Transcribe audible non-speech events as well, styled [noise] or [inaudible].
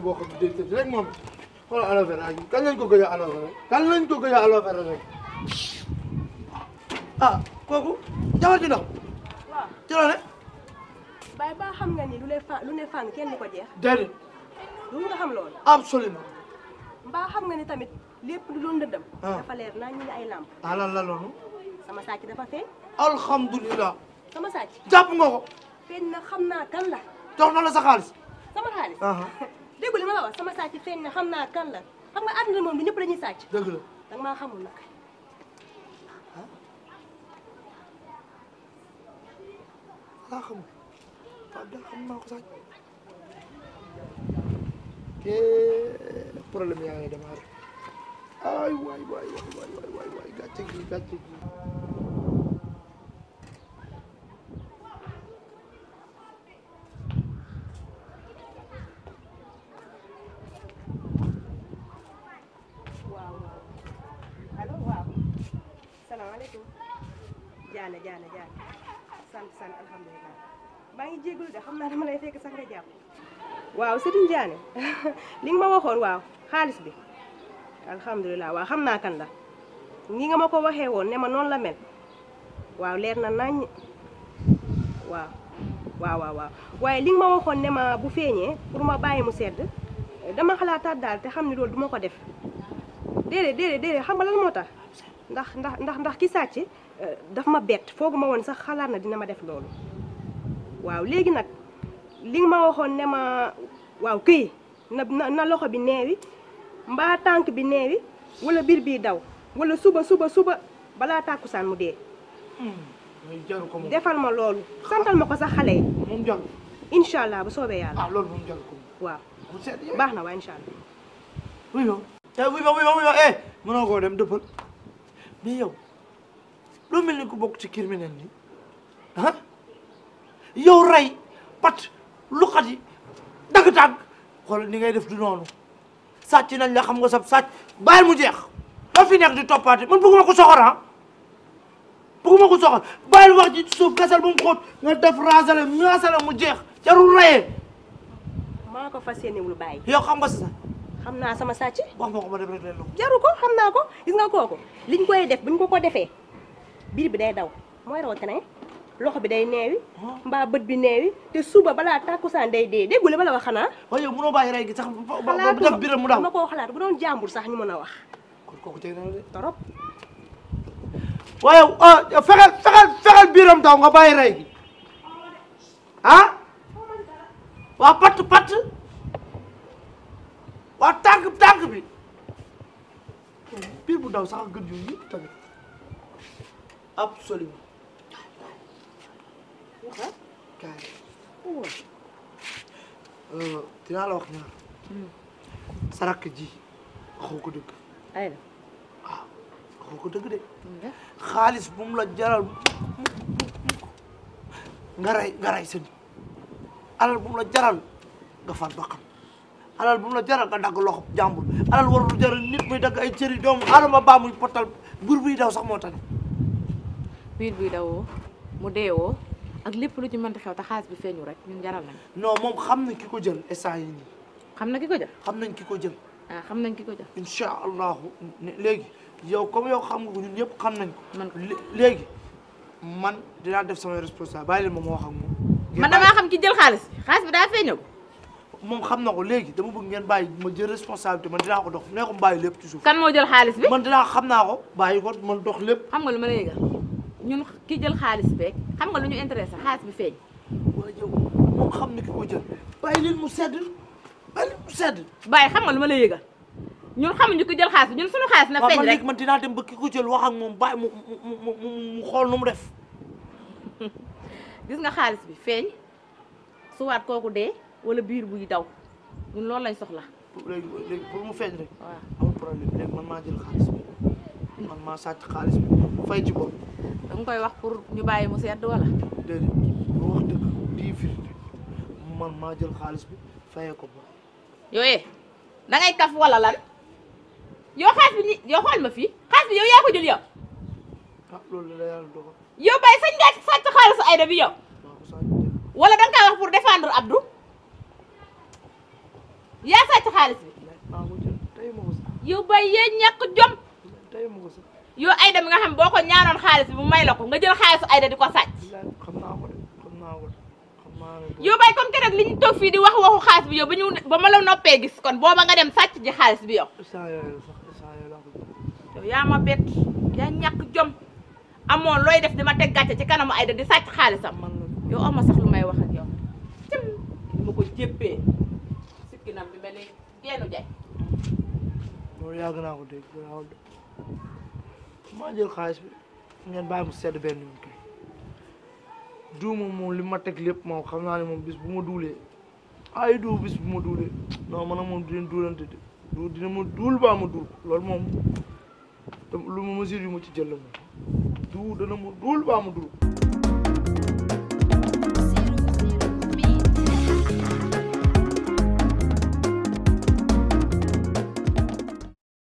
benn boo ko gëj a aloe vera kan lañ ko gëj a aloe vera rek ah kooku jawar ji ndox. waaw ci loolu rek. bay xam nga ni lu lay ne fang kenn du ko jeex. déedéet. lu nga xam loolu. absolument. mbaa xam nga ni tamit lépp lu doon dëndam. Ah. dafa leer naa ñu ne ay làmp. ah lan la loolu. sama sàcc dafa feeñ. alhamdulilah. sama nga ko. feeñ na xam naa kan jox na la sa xaalis. sama xaalis. Ah, ah. [laughs] waaw sama sàcc feeñ na xam naa kan la xam nga àdduna moom bi ñëpp dañuy sàcc. dëgg danga maa xamul nag. laa xamul Pape Dalla xam naa ko sàcc. te problème yaa ngi démarré ay waay waay waay waay waay waay gàcce gi gàcce gi. asalaamaaleykum jaane jaane jaane sant sant alhamdulilah ngi jégalu de xam naa dama lay fekk sax nga jàpp waaw sëriñ jaane [laughs] li nga ma waxoon waaw xaalis bi alhamdulilah waaw xam naa kan la ni nga ma ko waxee woon ne ma noonu la mel waaw leer na nañ waaw waaw waaw waaw waaye li nga ma waxoon ne ma bu feeñee pour ma bàyyi mu sedd dama xalaataat daal te xam ne loolu duma ko def déedéet déedéet xam nga lan moo tax ndax ndax ndax ndax ki sàcc euh, dafa ma bett foogu ma woon sax xalaat na dina ma def loolu waaw léegi nag li nga ma waxoon ne ma waaw këy na na loxo bi neewi mbaa tànk bi neewi wala biir bii daw wala suba suba suba balaa tàkku tàkkusaan mu dee hmm, defal ma loolu santal ma ko sax xale yi moom jaru incha allah bu soobee yàlla ah, loolu moom jaru ko waaw baax na waa incha allah mais yow lu mel ni ku bokk ci criminel ni ah yow rey pat luxati dagg-dagg xool ni ngay def du noonu sàcc nañ la xam nga sab sàcc bàyyil mu jeex ba fi nekk di toppaate man bëgguma ko soxor ah bëgguma ko soxor bàyyil wax ji suuf gasal ba mu xóot nga def rasale ñaasale mu jeex jarul rayee maa ko fas yéenewul bàyyi xam nga sa xam naa sama sàcc wax ma ko ma dem rek leen jaru ko xam naa ko gis nga kooku liñ koy def buñ ko ko defee biir bi day daw mooy rawatina eh? loxo bi day neewi mbaa bët bi neewi te suba balaa tàkkusaan day dee déggule ba la wax xanaa waaye yow mënoo bàyyi rey gi sax def biram mu daw ma koo xalaat bu doon jàmbur sax ñu mën a wax kon kooku teg na de torop waaye ah, fexel fexel fexel biram daw nga bàyyi rey gi ah waa patt patt waa tangkep tangkep bi biir bu ndaw sax gën yooyu yëpp tamit absolument waxal kan. Oh, dinaa la wax ñaar sarak ji waxoo ko dëgg ay la waaw waxoo ko dëgg de xaalis bu alal bu mu la jaral nga dagg loxo jàmbur alal warul jaral nit muy dagg ay cëri doomu adama baa muy potal buur buy daw sax moo tane biir buy daw mu deewoo ak lépp lu ci mënti xew te xaalis bi feeñu rek ñun jaral nañ non moom xam na ki ko jël instant yi nii xam na ki ko jël xam nañ ki ko jël ah xam nañ ki ko jël incha allahu léegi yow comme yow xam nga ko ñun ñëpp xam nañ ko léegi man dinaa def samay responsable bàyyi leen moom ma wax ak ki jël xaalis bi bi daa feeñoo moom xam na ko léegi dama bëgg ngeen bàyyi ma jël responsabilité man dinaa ko dox nee ko bàyyi lépp ci suuf. kan moo jël xaalis bi man dinaa xam naa ko bàyyi ko man dox lépp. xam nga lu ma la yëgal ñun ki jël xaalis beeg xam nga lu ñu intéressé xaalis bi feeñ. wala jëw moom xam na ki ko jël bàyyi leen mu sedd bàyyi leen mu sedd. bàyyi xam nga lu ma la yëgal ñun xamuñu ko jël xaalis bi ñun suñu xaalis na feeñ rek waaw man léegi man dinaa dem ba ki ko jël wax ak moom bàyyi mu mu mu xool nu mu def. gis nga xaalis bi feeñ suwaat kooku dee wala biir buy daw ñun loolu lañ soxla. léegi léegi pour mu feeñ rek. waaw amul problème léegi man maa jël xaalis bi man maa sàcc xaalis bi fay ci bopp. da nga koy wax pour ñu bàyyi mu sedd wala. déedéet bu wax dëgg di firnde man maa jël xaalis bi fayee ko bopp. yooyee da ngay kaf wala lan yoo xaalis bi ni yoo xool ma fii xaalis bi yow yaa ko jël yow. ah loolu la yàlla dogal. yow bay sañ nga sàcc xaalisu Ayda bi yow. yow ba yee ñàkk jom yow Aida mi nga xam boo ko ñaanoon xaalis bi mu may la ko nga jël xaalisu Aida di ko sàcc yow bay kon keroog li ñu toog fii di wax waxu xaalis bi yow ba ñu ba ma la noppee gis kon booba nga dem sàcc ji xaalis bi yow yow yaa ma bett yaa ñàkk jom amoon looy def di ma teg gàcce ci kanamu Aida di sàcc xaalisam yow ama sax lu may wax ak yow cim ma ko jéppee sikkinam bi mel ni geenu jay yàgg naa ko dégg garaawul maa jël xaalis bi ngeen bàyyi mu sedd benn yoon kay duuma moom li ma teg lépp moom xam naa ne moom bis bu ma duulee ay duu bis bu ma duule non man moom dinañ duulante de du dina ma duul baa ma duul loolu moom lu ma mesure yu ma ci jël la moom duu dana ma duul baa ma duul